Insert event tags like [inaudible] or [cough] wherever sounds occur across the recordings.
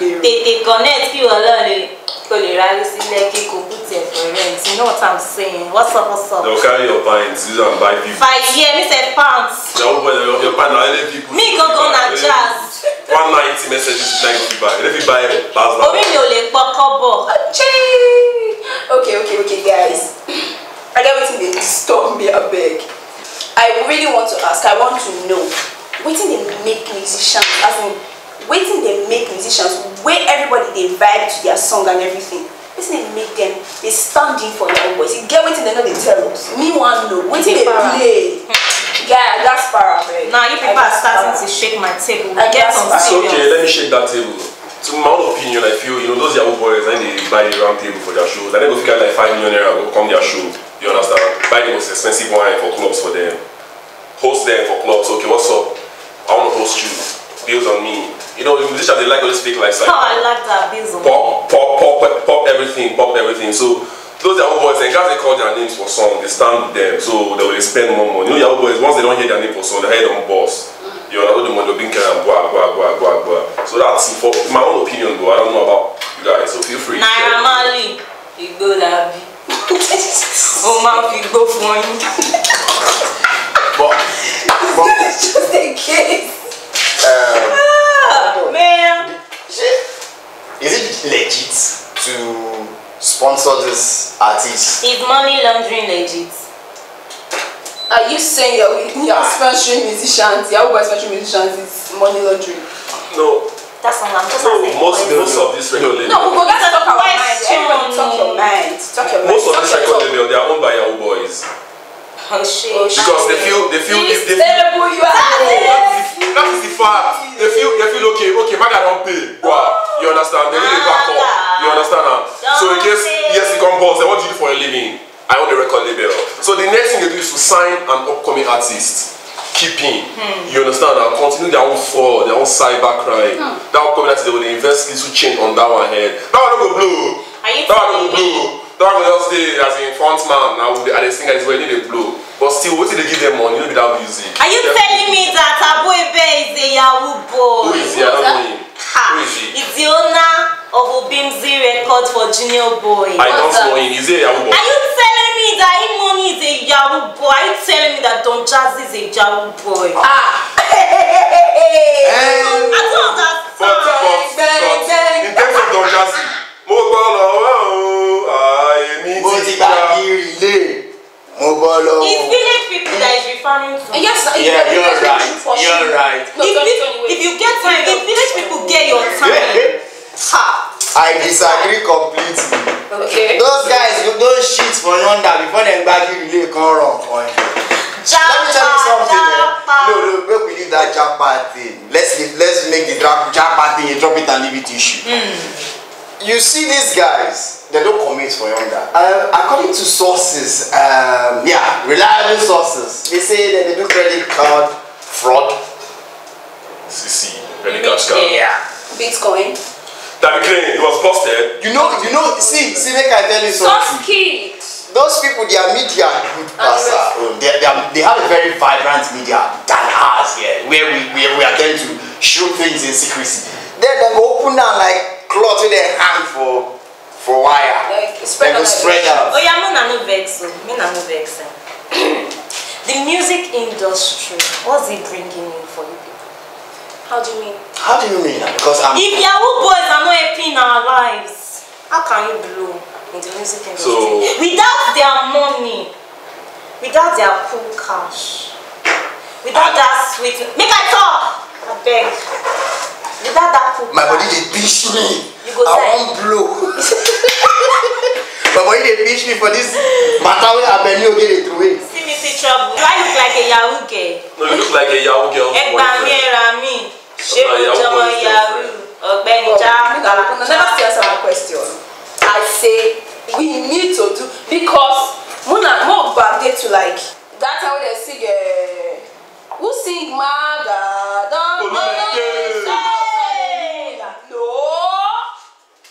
tètè connect kí wọ́n lọ lè kó lè ráyé sílẹ̀ kí kò kú tiẹ̀ for rent you know what i'm saying what's up what's up. they'll carry your pints use am buy people. five years, me say pounds. na o boy your your pound na only people. me gogo na jazz. [laughs] one ninety messages you like fit buy you no fit buy thousand. orí mi ò lè pọ kọ́bọ̀. okay okay okay guys i get wetin dey disturb me abeg i really want to ask i want to know wetin dey make musicians as in waiting they make musicians where everybody they vibe to their song and everything wetin they make them They stand in for their voice You get waiting, they know they tell us me wan know wetin they play yeah that's far away. now you people are starting to shake my table I get some it's okay let me shake that table to my own opinion i feel you know those young boys na they buy the round table for their shows. na dem go figure like five million naira go come their show you understand buy the most expensive wine for clubs for them host them for clubs okay what's up i to host you bills on me. You know, musicians, they like to speak like so. Oh, I like that, bills on pop, pop, pop, pop, pop everything, pop everything. So, those Yahoo boys, and guys, they call their names for song, they stand them, so they will spend more money. You know, Yahoo boys, once they don't hear their name for song, they hear them boss. Mm. You know, oh, the money will be kind blah, blah, blah, blah, blah. So, that's for my own opinion, though. I don't know about you guys, so feel free. Naira Mali, you go, Labi. oh, man, you go for me. But, but, [laughs] just a case. Um, ah, oh. man. Is it legit to sponsor this artist? Is money laundering legit? Are you saying you're, you yeah. sponsoring musicians? You're sponsoring musicians is money laundering? No. That's not that's no, most, most of this record label. No, but to talk our mind. Everybody talk your mind. Talk your mind. Most of this record label, they are owned by Yahoo boys. Because they feel, they feel, if they feel, terrible, you are that, is, that is the fact. They feel, they feel okay, okay, man, I don't pay. Wow. You understand? They really back up. Ah, you understand now? So in case, yes, you come boss, what do you do for a living? I own a record label. So the next thing they do is to sign an upcoming artist. Keeping, hmm. you understand, and continue their own fraud, their own cyber crime. Hmm. That upcoming artist, they will invest into chain on that one head. That one will blow. That one will blow. That one else dey as in front man now and they sing as well, they blow. But still, wetin dey give them money? No be that music. Are you Definitely. telling me that Abu Ebe is a Yahoo boy? Who is he? I don't know him. Who is he? He's the owner of Obimzi record for Junior Boy. I don't know him. Is he a Yahoo boy? Are you telling me that Imoni is a Yahoo boy? Are you telling me that Don Jazzy is a Yahoo boy? Ah! ah. [laughs] hey. I don't understand. But, but, but, Mobolo. It's village people that is referring to. Yes, yeah, you're, right. You're sure. right. No, if, if, if you get time, if village people get your [laughs] time. ha. I disagree completely. Okay. Those guys those don't shit for yonder before bag you, relay come wrong on. Let me tell you something. Eh? No, no, make we do that japa thing. Let's let's make the drop japa thing. You drop it and leave it issue. Mm. You see these guys. They don't commit for younger. Uh, according to sources, um, yeah, reliable sources, they say that they do credit card fraud. CC, credit card scam. Yeah. Bitcoin. That McLean, it was busted. You know, you know, see, see, make I tell you something. Soft those people, their media good pastor. Ah, uh, they, they, they have a very vibrant media than ours here, yeah, where we, we, we are going to shoot things in secrecy. Then they go open down like cloth with their hand for for wire. Like, spread go spread out. Oh yeah, me na no vex o. Oh. Me na no vex. Eh. [clears throat] The music industry, what's it bringing in for you people? How do you mean? How do you mean? Because I'm. If Yahoo boys are not happy in our lives, how can you blow in the music industry so... without their money, without their cool cash, without I... that sweet? Make I talk. I beg. Without that cool. My cash, body they pinch me. You go I won't blow. [laughs] issue for this matter wey abẹni oge dey throw away. see me see trouble Why I look like a yahoo girl. no you look like a yahoo girl. ẹ gbà mí mi ṣé mo jọmọ yahoo ọ̀gbẹ́ni jaaka. never see tell someone question I say we need to do because muna mo gbà dey to like that time wey dem sing uh, who sing maga don gbẹdẹ. no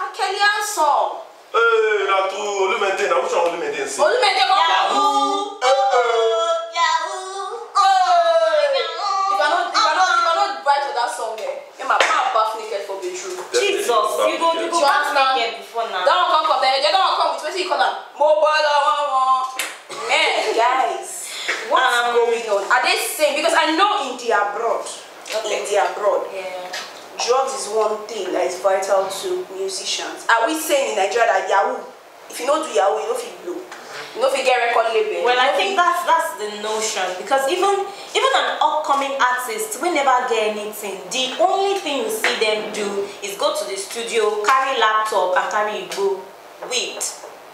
akelian song ee na tu olumide na which one olumide say. olumide kò kà wú. Jesus, you go you go back now. That come from there. That one come with wetin you call am? Mobile one Man, guys, what's um, going on? Are they saying? Because I know in the abroad, okay. in the abroad. Yeah. drugs is one thing that is vital to musicians are we saying in nigeria that yahoo if you not do yahoo you don't fit blue. you don't fit get record label. well i think that's that's the notion because even even an upcoming artist we never get anything the only thing you see them do is go to the studio carry laptop and carry go weed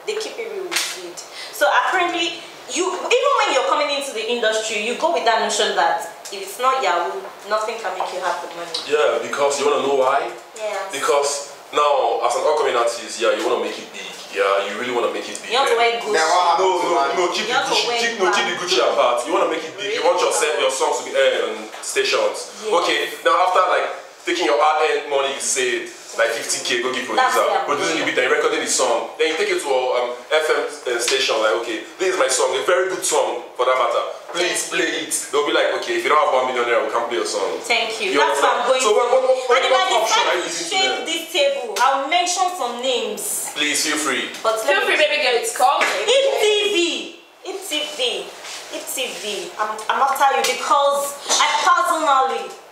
they keep it real with weed so apparently you even when you're coming into the industry you go with that notion that if it's not Yahoo, nothing can make you happy the money. Yeah, because you want to know why? Yeah. Because now, as an upcoming artist, yeah, you want to make it big. Yeah, you really want to make it big. You have to eh? wear Gucci. no, no, no, keep the Gucci, keep, no, keep the Gucci apart. You want to make it big. Really you want your set, your songs to be aired on stations. Yeah. Okay, now after like taking your hard-earned money you say like 50k, go give producer. Producer, the beat then recording the song. Then you take it to a um, FM uh, station, like, okay, this is my song, a very good song for that matter. Please play it. They'll be like, okay, if you don't have one millionaire, we can't play your song. Thank you. you That's understand? what I'm going so to. What, what, what, option are you this table, I'll mention some names. Please feel free. But feel free, baby girl. It's called IPTV. IPTV. IPTV. I'm, I'm after you because I personally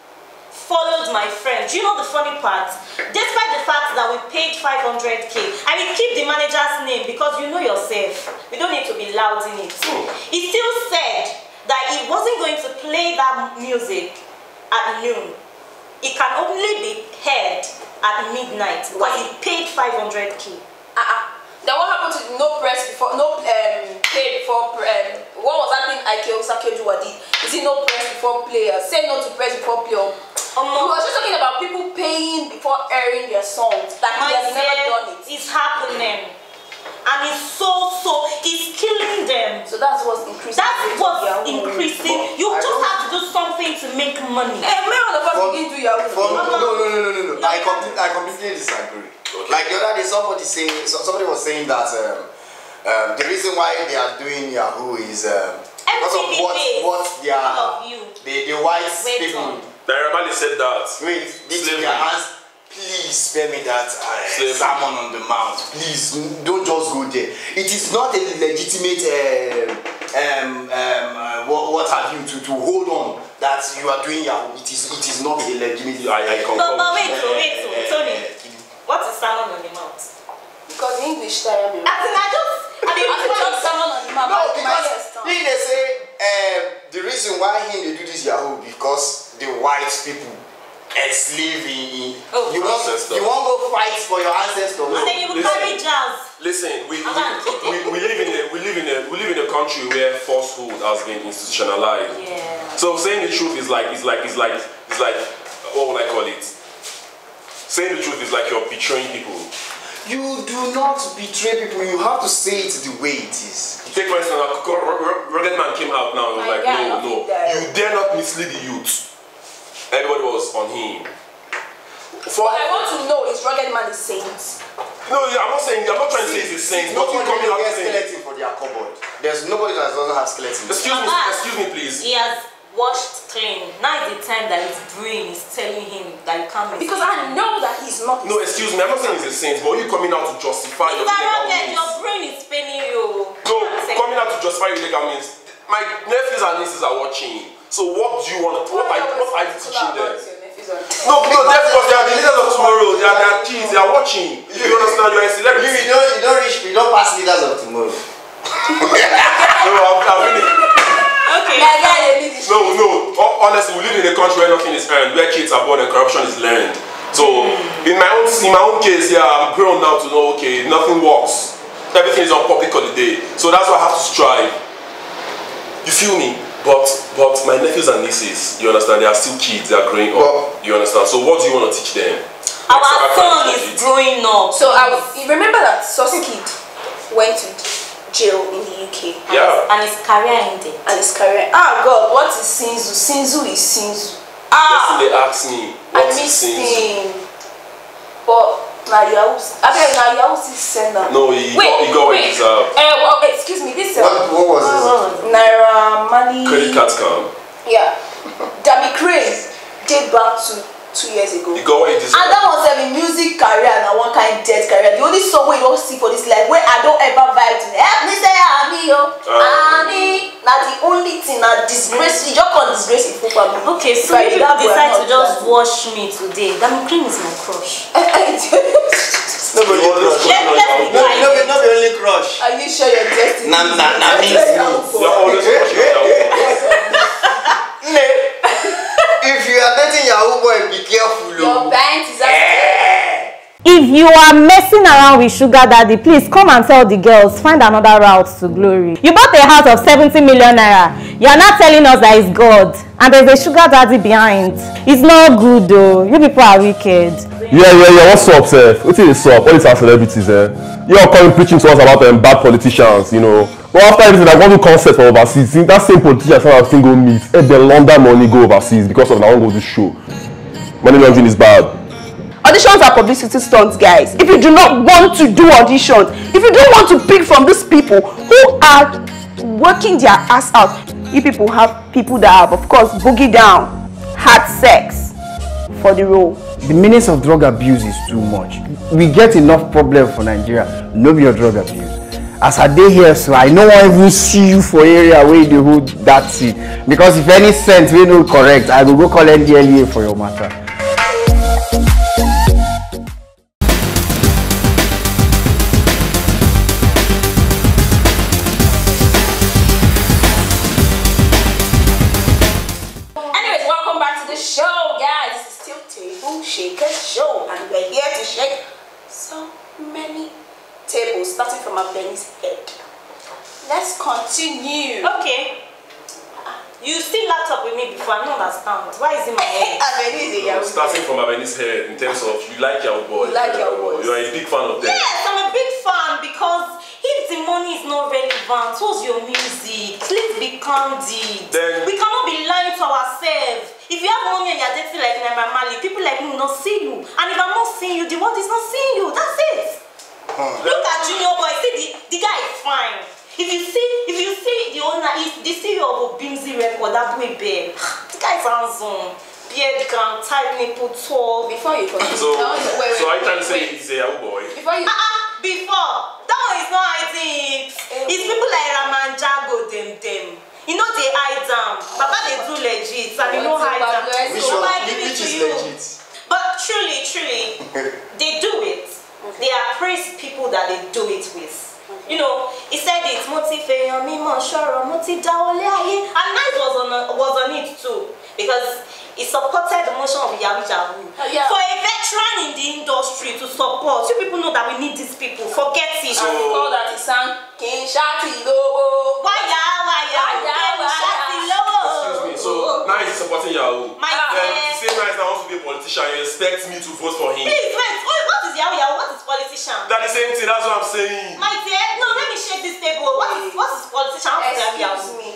followed my friend. Do you know the funny part? Despite the fact that we paid 500k, I will keep the manager's name because you know yourself. We don't need to be loud in it. Hmm. He still said that he wasn't going to play that music at noon. It can only be heard at midnight because he paid 500k. Uh-uh. Then what happened to no press before, no um, play before, um, what was that thing what Osakejuwa did? Is it no press before player? Say no to press before player um, we were just talking about people paying before airing their songs. That he has never done it. It's happening. And it's so so it's killing them. So that's what's increasing. That's what's increasing. you I just have to do something to make money. Hey, many of no, no, no, no, no, no. no. I, compl I completely disagree. Okay. Like the other day, somebody somebody was saying that um, um, the reason why they are doing Yahoo is um, because of what what their, they, the white people Darabali said that. Wait, this Slavery. asked, please spare me that uh, sermon on the mount. Please, don't just go there. It is not a legitimate, uh, um, um, uh, what, what have you, to, to hold on that you are doing Yahoo. It is, it is not a legitimate. I, I uh, concur. But, but wait, wait, so, uh, Tony, uh, what is salmon on the mount? Because English, I mean, I just. I mean, what is salmon on the mount. No, because they say uh, the reason why he they do this Yahoo because the white people enslaving. Oh, you won't, you won't go fight for your ancestors. And then you will listen, carry jazz. Listen, we, we, we, live in a, we live in a, we live in a country where falsehood has been institutionalized. Yeah. So saying the truth is like is like is like is like what would I call it? Saying the truth is like you're betraying people. You do not betray people. You have to say it the way it is. Take for instance, Rugged Man came out now and was like, God, no, no, you dare not mislead the youth. Everybody was on him. For I want to know is rugged man is saints. No, yeah, I'm not saying I'm not trying see, to say he's saints, but you coming out saying skeleton for their cupboard. There's nobody that doesn't have skeleton. Excuse Mama, me, excuse me, please. He has washed clean. Now is the time that his brain is telling him that you can't. Because I know that he's not. No, excuse me, I'm not saying he's a saint, but you coming out to justify if your legal means. Your brain is spinning you. No, coming out to justify your legal means. My nephews and nieces are watching. So what do you want? What, are, you, what are you teaching them? No, because they're, because they are the leaders of tomorrow. They are, they are kids. They are watching. You, understand? You are a celebrity. You, you don't, you don't reach. You don't pass leaders of tomorrow. [laughs] no, I'm, I'm Okay. No, no. Honestly, we live in a country where nothing is earned, where kids are born and corruption is learned. So, hmm. in my own in my own case, yeah, I'm grown now to know. Okay, nothing works. Everything is on public holiday. So that's why I have to strive. You feel me? But but my nephews and nieces, you understand, they are still kids, they are growing but, up. You understand? So what do you want to teach them? Our like, son is it? growing up. So I you remember that Saucy Kid went to jail in the UK. And yeah. His, and his career ended. And his career. Ah god, what is Sinzu? Sinzu is Sinzu. Ah That's they asked me. What I is Sinzu? him. But now your okay, now your is sender. No, he wait, got, he got wait. His, uh, eh, uh, well, oh, excuse me, this. Uh, what, what was uh, this? Naira money. Credit cards come. Yeah, Dami Crane date back to two years ago. You got what And that was a music career and one kind of dead career. The only song we don't see for this life where I don't ever vibe to help me say Ami yo. Ami. Now the only thing now disgrace you just can't disgrace it properly. Okay, so if you decide to just wash me today, that Cream is my crush. no be only crush. No, no be no be only crush. Are you sure you're destiny? nah, na na me. You're always crush. if you are dating yahoo boy be careful o. Oh. your parent is asking. Eh! If you are messing around with sugar daddy, please come and tell the girls, find another route to glory. You bought a house of seventy million naira. You are not telling us that it's God. And there's a sugar daddy behind. It's not good though. You people are wicked. Yeah, yeah, yeah. What's up, sir? What is up? All these are celebrities, eh? You You're coming preaching to us about um, bad politicians, you know. But after everything, I want to concert for overseas. that same politician I still single meet, help them London money go overseas because of that one go to show. Money laundering is bad. Auditions are publicity stunts, guys. If you do not want to do auditions, if you don't want to pick from these people who are working their ass out, you people have people that have, of course, boogie down, had sex for the role. The menace of drug abuse is too much. We get enough problem for Nigeria. No be your drug abuse. as i dey here so i no wan even see you for area wey you dey hold that thing because if any scent wey no correct i go go call ndlea for your matter. laptop with me before. I don't understand. Why is it my head? [laughs] I'm Starting from my head in terms of you like your boy. You like your boy. You are a big fan of them. Yes, I'm a big fan because if the money is not relevant, what's your music? Please be candid. Then we cannot be lying to ourselves. If you have money and you're dating like Naira Mali, people like me will not see you. And if I'm not seeing you, the world is not seeing you. That's it. Hmm. Look at Junior Boy. See, the, the guy is fine. If you see, if you see the owner, is the CEO of Obimzi Record, that boy Bear. The guy's handsome. Beard can tight nipple tall. Before you continue. So, no, oh, wait, wait, so wait, I can wait, say he's a boy. Before you. Uh -uh, before. That one is not hiding it. It's people like Raman Jago, them, them. You know they hide them. Papa, they do legit. And you know hide them. Which one? Which is legit? But truly, truly, [laughs] they do it. Okay. They appraise people that they do it with. you know he said it mo ti fèèyàn mímọ̀ ṣọ̀rọ̀ mo ti dáwọ́lé ayé and nice was on was on it too because he supported the motion of yahoo yahoo oh, yeah. for a veteran in the industry to support you people know that we need these people forget it. and the call that he sang kì í ṣáàtì lówó. wáyà wáyà kì í excuse me so now he's supporting yahoo. my dear um, same right now wants to be a politician you expect me to vote for him. please wait wait those yao yao, what is politician? That is the same thing, that's what I'm saying. My dear, no, let me shake this table. What is, what is politician? What is yao yao? me.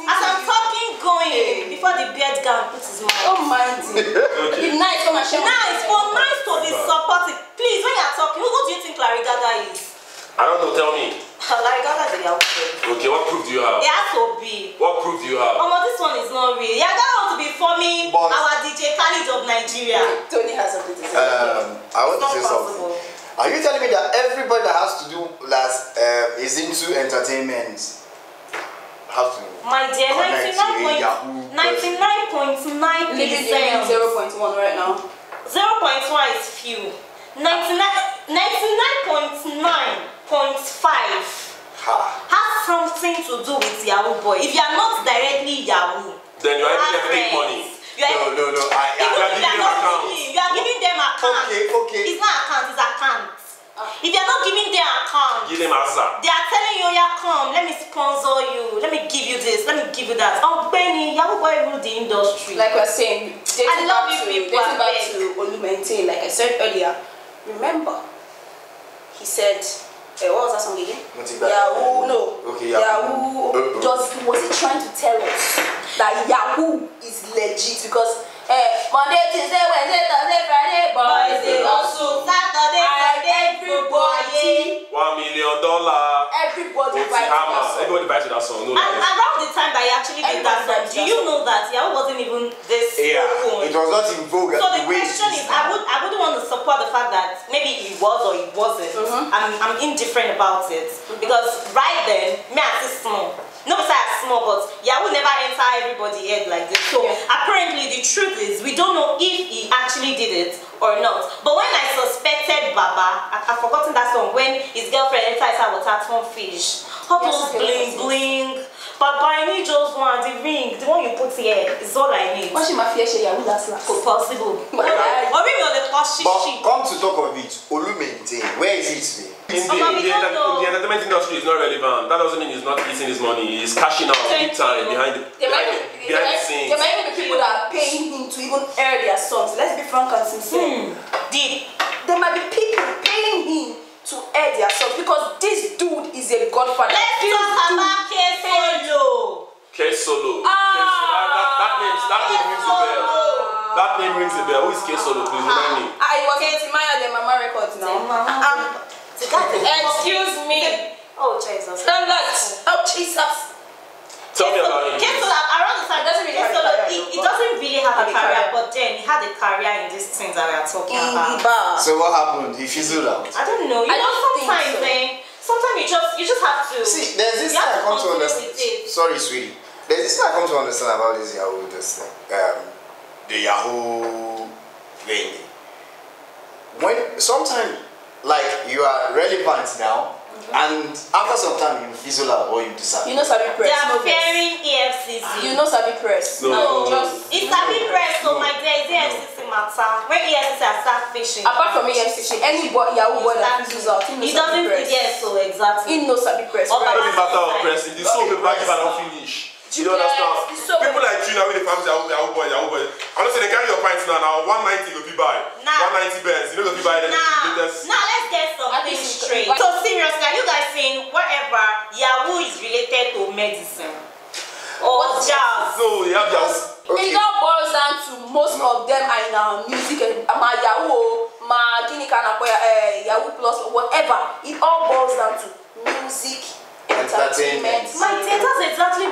As I'm talking, going, hey. before the beard gown puts his mouth. Oh, my dear. okay. If nice, come and share Nice, for nice to be supported. Please, when you're talking, who do you think Larry Gaga is? I don't know, tell me. [laughs] Larry Gaga is a yao Okay, what proof do you have? It has to be. What proof do you have? Oh, no, this one is not real. Yeah, that wants to be forming but... our DJ Kali has to do last um, is into entertainment. Have to My dear, ninety nine point ninety nine point nine. percent. Zero point one right now. Zero point one is few. Ninety nine point nine point five has something to do with Yahoo boy. If you are not directly Yahoo, then you are giving them money. no, no, no. I, I, you, you, you are giving them account. You are giving them account. Okay, okay. It's not account. It's account. If you're not giving their account, give them answer. They are telling you, yeah, come, let me sponsor you, let me give you this, let me give you that. Oh, Benny, you have to rule the industry. Like we're saying, I love you, people. Dating back to Olumente, like I said earlier, remember, he said, eh, what was that song again? Yahoo, no. Okay, Yahoo. Yahoo Does was he trying to tell us that Yahoo is legit because. Eh, Monday, Tuesday, Wednesday, Thursday, Friday, boys, they also Saturday, one million dollar. Everybody buys that song. Everybody buys that song. No and lies. around the time that he actually did that song, do you know that Yahoo wasn't even this yeah, It was not in vogue. So the, question is, I would, I wouldn't want to support the fact that maybe he was or he wasn't. Mm -hmm. I'm, I'm indifferent about it mm-hmm. because right then, me at this no say I small, but yeah, will never enter everybody head like this. So yeah. apparently the truth is we don't know if he actually did it or not. But when I suspected Baba, I, have forgotten that song, when his girlfriend enters her water torn fish. All yes, those bling bling. Baba, I need just one, the ring, the one you put here is all I need. What she my fear share with us last? Possible. Or maybe on the But come to talk of it, Olu maintain, where is it? In oh, the, in, the, in the, entertainment industry is not relevant. That doesn't mean he's not eating his money. He's cashing out big time behind the, there behind, might, be, behind the scenes. There might even be people that are paying him to even air their songs. Let's be frank and sincere. Hmm. The, there might be people paying him to air their songs because this dude is a godfather. Let's this talk dude. about K Solo. K Solo. Ah, That, that, that name, that name rings a bell. That name rings a bell. Who is K Solo? Please remind me. Ah, it was Maya the Mama Records now. Excuse me. Oh, Jesus. I'm not. Oh, Jesus. Tell me about him. Kesolo, around the time, doesn't really he, he doesn't really have a career, but then he had a career in these things that we are talking mm about. So what happened? He fizzled out. I don't know. You I know sometimes, so. eh, sometimes you just you just have to. See, there's this thing I come to understand. Sorry, sweetie. There's this thing I come to understand about this Yahoo, this thing, um, the Yahoo thing. When sometimes like you are relevant now. Mm-hmm. And after some time, you fizzle out or you disappear. You know, Sabi Press. They are preparing fearing EFCC. You know, Sabi Press. No, no, no just it's Sabi no, Press. So no, my dear, is EFCC no. matter. When EFCC are start fishing. Apart from EFCC, any bo- Yahoo boy that fizzles out, he knows Sabi Press. Yes, so exactly. He knows Sabi Press. Or right? the matter of press. It is so paper if I don't finish. you don't understand so people like you na wey dey farm yahoo Boy boys yahoo Boy. i know say dey carry your pints now Now one ninety go fit buy one ninety bends you know go fit buy them nah. latest. now let's get something straight so seriously are you guys saying whatever yahoo is related to medicine or jazz. so you have jazz. Okay. It all boils down to most no. of them are in our music and my Yahoo, my Guinea Canapoya, uh, eh, Yahoo Plus, whatever. It all boils down to music entertainment. My team, that's exactly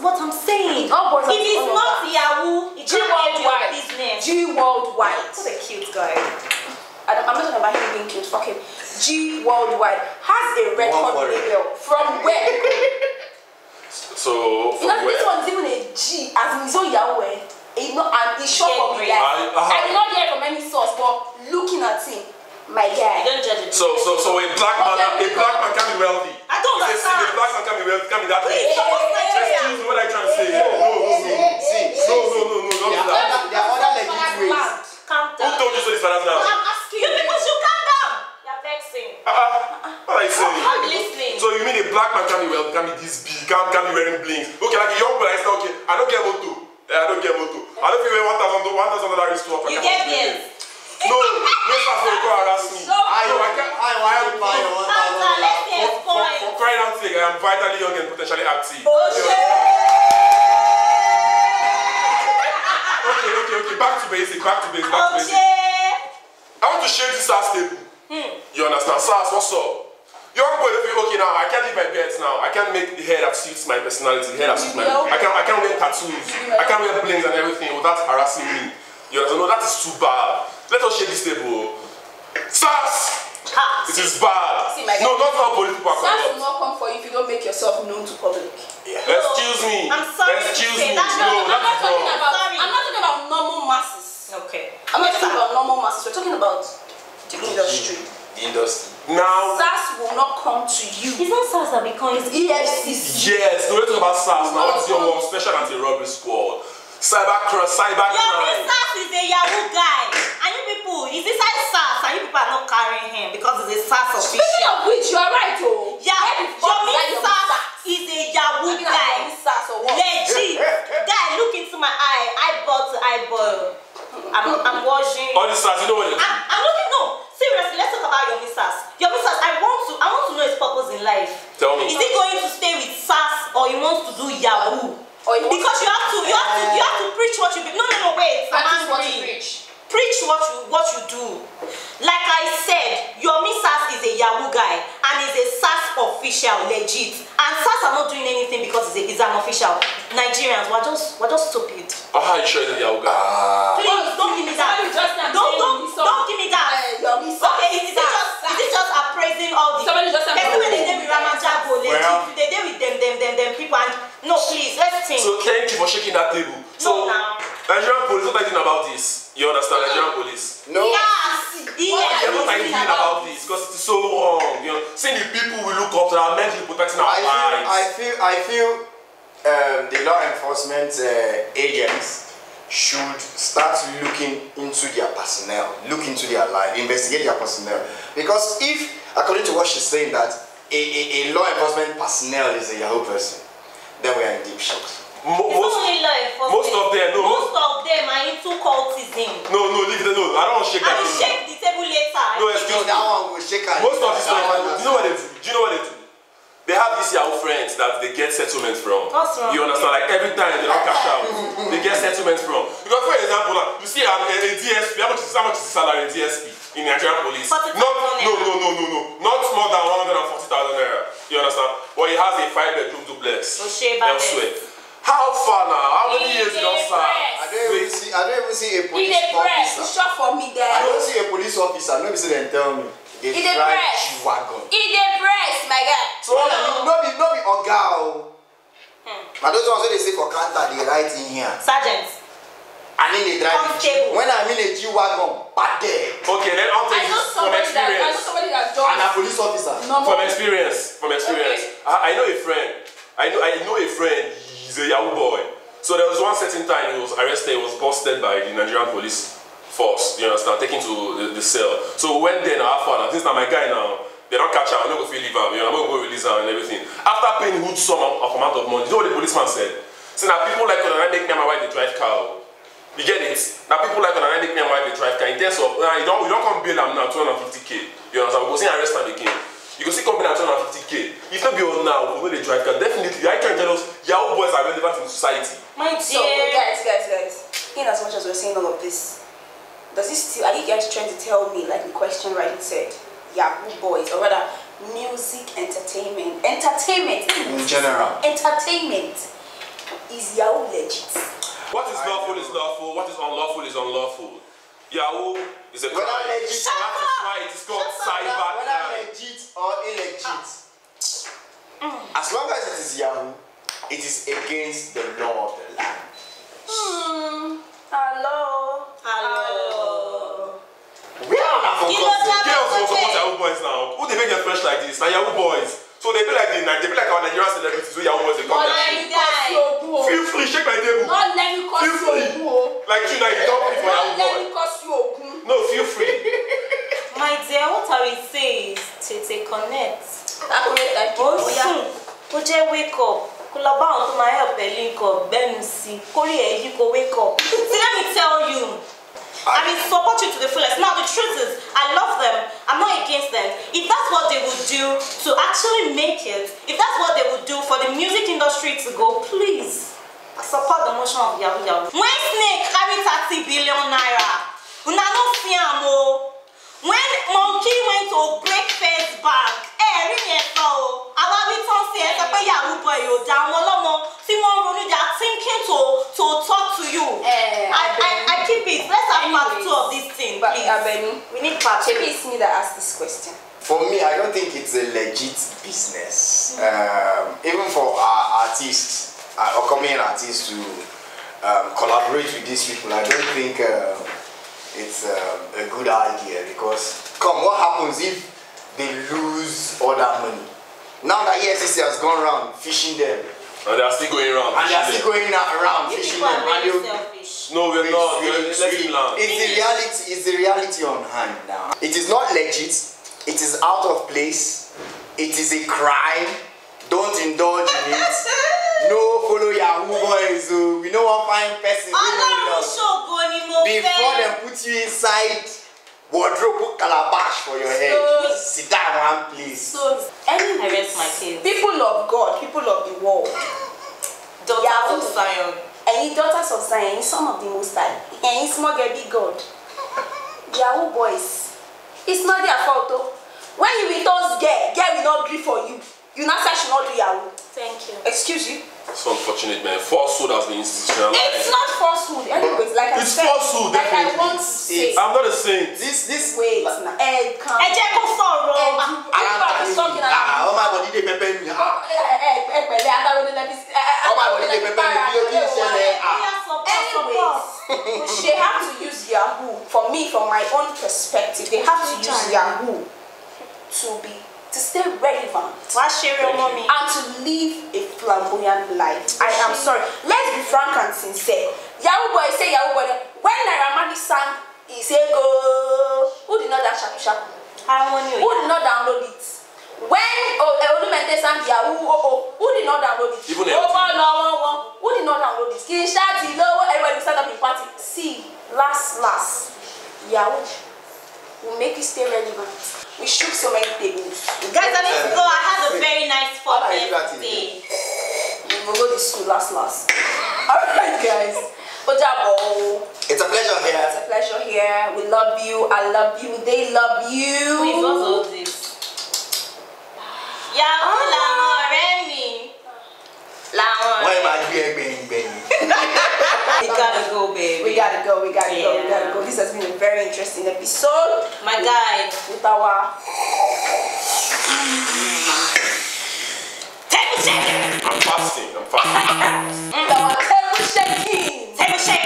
what I'm saying. Oh, it is not Yahoo. G worldwide. G worldwide. What a cute guy. I am not talking about him being cute. Fuck him. G worldwide has a record label from where? so from you know, where? this one's even a G as in his Yahoo. Eh? Not, and he's short of me. Like, I, uh, I did not hear from any source, but looking at him, my dad. You don't judge it. So, so, so a black man, okay, a black man can be wealthy. I don't understand. A black man can be wealthy, can be that rich. Excuse me, what are you trying to say? No, no, no, see, no, no, no, no, not that. There are other legit ways. Calm down. Who told you so this father's now? I'm asking you people should calm down. You're vexing. Uh, what are you saying? I'm So you mean a black man can be wealthy, can be this big, can, can be wearing blings? Okay, like a young boy, I say, okay, I don't get moto. Eh, I don't get moto. I don't feel wear one thousand, one thousand dollars to offer. You get beers. No, no safarico harass me. So I, I, can't, I, I am by your one thousand for, for, for crying out loud, I am vitally young and potentially active. Oh, okay, okay, okay. Back to basic, back to basic, back to oh, basic. I want to shake this ass table. Hmm. You understand? SARS, what's up? young boy looking okay now i can't leave my bed now i can't make the hair that suits my personality the hair that suits my no. i can't i can't wear tattoos i can't wear blings and everything without harassing me you know no that is too bad let us shake this table. Oh. SARS! Ha. It is bad. See, no, not how police people are will not come for you if you don't make yourself known to public. Yeah. No. Excuse me. I'm sorry. Excuse me. That's no, no, I'm not talking about. Sorry. I'm not talking about normal masses. Okay. I'm not yes, talking about normal masses. We're talking about the industry. The industry. Now. SARS will not come to you. It's not SARS that becomes come. It's EFCC. Yes. we're talking about SARS. Now, what is your work? Special anti-robbery squad. Cybercrime, cybercrime. Your this SARS is a Yahoo guy. And you people, is this like SARS? And you people are not carrying him because it's a SARS official. Speaking of which, you are right, oh. Yeah, Yomi SARS is a Yahoo I mean, guy. SARS or what? Legit. [laughs] guy, look into my eye, eyeball to eyeball. I'm, I'm watching. All the SARS, you know what i is? I'm, I'm looking, no. Seriously, let's talk about Yomi SARS. Yomi SARS, I want to, I want to know his purpose in life. Tell me. Is he going to stay with SARS or he wants to do Yahoo? Or oh, you because you have to you have to you have to preach what you be. No, no, no, wait. I'm angry. What preach. Preach what you what you do. Like I said, your missus is a Yahoo guy and is a SAS official, legit. And SAS are not doing anything because he's a, it's an official. Nigerians, we're just we're just stupid. Ah, you sure it's a Yahoo guy? Uh, Please don't give me that. Don't don't don't give me that. Okay, is it just is it just appraising all the? Somebody just they with them, them, them, them people. And no, please, let's think. So thank you for shaking that table. So no, now. Nigerian police, what are you doing about this? You understand, Nigerian police? No. Yes. yes. What are you doing about this? Because it's so wrong. You know, seeing the people we look up to are meant to protect protecting our I lives. Feel, I feel, I feel. Um, the law enforcement uh, agents should start looking into their personnel, look into their life, investigate their personnel. Because if, according to what she's saying, that a, a, a law enforcement personnel is a Yahoo person, then we are in deep shit. Mo it's most, only law enforcement. Most of them, no. Most of them are into cultism. No, no, leave it. alone. I don't shake that. I will shake the table later. No, excuse no, that one will shake. Most of these law you know what they do? Do you know what they do? They have these Yahoo friends that they get settlements from. That's right. You understand? Like every time they don't cash out, they get settlements from. Because for example, like, you see a, a, a DSP, how much, is, how much is the salary in DSP? in Nigerian police. Not, no, no, no, no, no. Not more than 140,000 naira. You understand? But he has a five bedroom duplex elsewhere. How far now? How many in years you don't serve? I don't even see. I don't even see a police in officer. Press. Shop for me there. I don't see a police officer. Nobody say them tell me. They in the press. Wagon. In the press, my guy. So no, no be no be oga o. Na those ones wey dey say for counter dey write in here. Sergeant. I'm in a When I'm in a G wagon, bad there. Okay, then I'll take this from experience. That, I know somebody that And a police officer. Normal. From experience. From experience. Okay. I, I know a friend. I know I know a friend. He's a Yahoo boy. So there was one certain time he was arrested. He was busted by the Nigerian police force. You understand? Taken to the, the cell. So we went there and I This is my guy now. They don't catch her, I'm not gonna leave her, you know, I'm not gonna release her and everything. After paying huge sum of amount of money, you know what the policeman said? See now, people like Colonel make me and my wife they drive car. Oh. You get it? Now people like me Kpiyam why they drive car in terms of uh, you don't you don't come build am now 250k. You understand? We go see arrest am again. You can see company at 250k. If not be on now, we no dey drive car. Definitely, I can tell us Yahoo boys are relevant in society. Mind so guys, guys, guys. In as much as we're saying all of this, does this still are you guys trying to tell me like the question right said? Yahoo boys, or rather music entertainment. Entertainment in general. Entertainment. Is Yahoo legit? What is lawful is lawful, what is unlawful is unlawful. Yahoo is a crime. Whether legit Shut that why it is called Shut cyber up. Whether legit or illegit. Mm. As long as it is Yahoo, it is against the law of the land. Mm. Hello. Hello. We are not for Girls will support Yahoo boys now. Who they make them fresh like this? Now Yahoo boys. So they be like the they be like our Nigerian celebrities. So Yahoo boys they come. Well, like feel free shake my table feel free like you na you don pay for that one no feel free. [laughs] my dear what i will say is tètè connect. ó oh, soon. kó jẹ́ wake up kó lọ bá àwọn help ẹ̀ link up gbẹ́nu sí i you go wake up. see let me tell you. I, I mean, support you to the fullest. Now, the truth is, I love them. I'm not against them. If that's what they would do to actually make it, if that's what they would do for the music industry to go, please support the motion of Yahoo Yahoo. When Snake carry 30 billion naira, una no fear mo. When Monkey went to breakfast first bank, Eh, I, keep it let's have part two of this thing please. Abeni we need part two. it's me that asked this question. For me, I don't think it's a legit business. Um, even for our artists, our upcoming artists to um, collaborate with these people, I don't think um, it's a good idea because, come, what happens if they lose all that money. Now that EFCC has gone around fishing them. And they are still going around. And they are still going around fishing them. And you, no, we're not. We're it's, the reality, it's the reality on hand now. It is not legit. It is out of place. It is a crime. Don't indulge in it. [laughs] No follow Yahoo boys. Oh. We know one fine person. Before they put you inside wardrobe calabash for your head. So, Sit down one place. So, any I rest my case. People of God, people of the world. Daughters yeah, of Zion. Any daughters of Zion, ẹ̀yin son of the Most time. Any small girl be God. Yahoo boys, it's not their fault o. When you with us girl, girl will not grieve for you. You not say she no do Yahoo. Thank you. Excuse you. It's unfortunate, man. Falsehood has been institutionalized. It's not falsehood. Anyways, like I said, falsehood. Like definitely. I to say, I'm not a saint. This, this way, like, eh, eh, not. Ed, come. Ed, come for wrong. Everybody's talking about. Ah, oh my body, they pepper me. Ah, eh, eh, eh, eh pẹ̀lẹ́, agbára ní lábí. Oh my body, they pepper me. You didn't say that. Ah. Anyways, they have to use Yahoo. For me, from my own perspective, they have to use Yahoo to be to stay relevant. Wá ṣeré ọmọ mi. And to live a flamboyant life. I am sorry. Let's be frank and sincere. Yahoo boy say Yahoo boy. When Naira Marley sang his ego, who did not that shaku shaku? Àwọn ni o yà. Who did not download it? When eh, Olumide sang Yahoo oh oh, who did not download it? Even Ó bọ́ lọ́wọ́ wọn, who did not download it? Kì í ṣáàtì lọ́wọ́ everybody stand up in party. See, last last, Yahoo. will make you stay relevant. We shook so many tables. Guys, I need to go. I had a very nice fun day. We'll go this school last last. Alright guys. Ojabo. It's a pleasure here. It's a pleasure here. We love you. I love you. They love you. We what's all this? Yeah, Ah. Làwọn ọ̀rẹ́ mi. Làwọn ọ̀rẹ́ mi. Wọ́n we gotta go, baby. We gotta go, we gotta yeah. go, we gotta go. This has been a very interesting episode. My with, guy. With our... Table shaking! I'm fasting, I'm fasting. with our table shaking! Table shaking!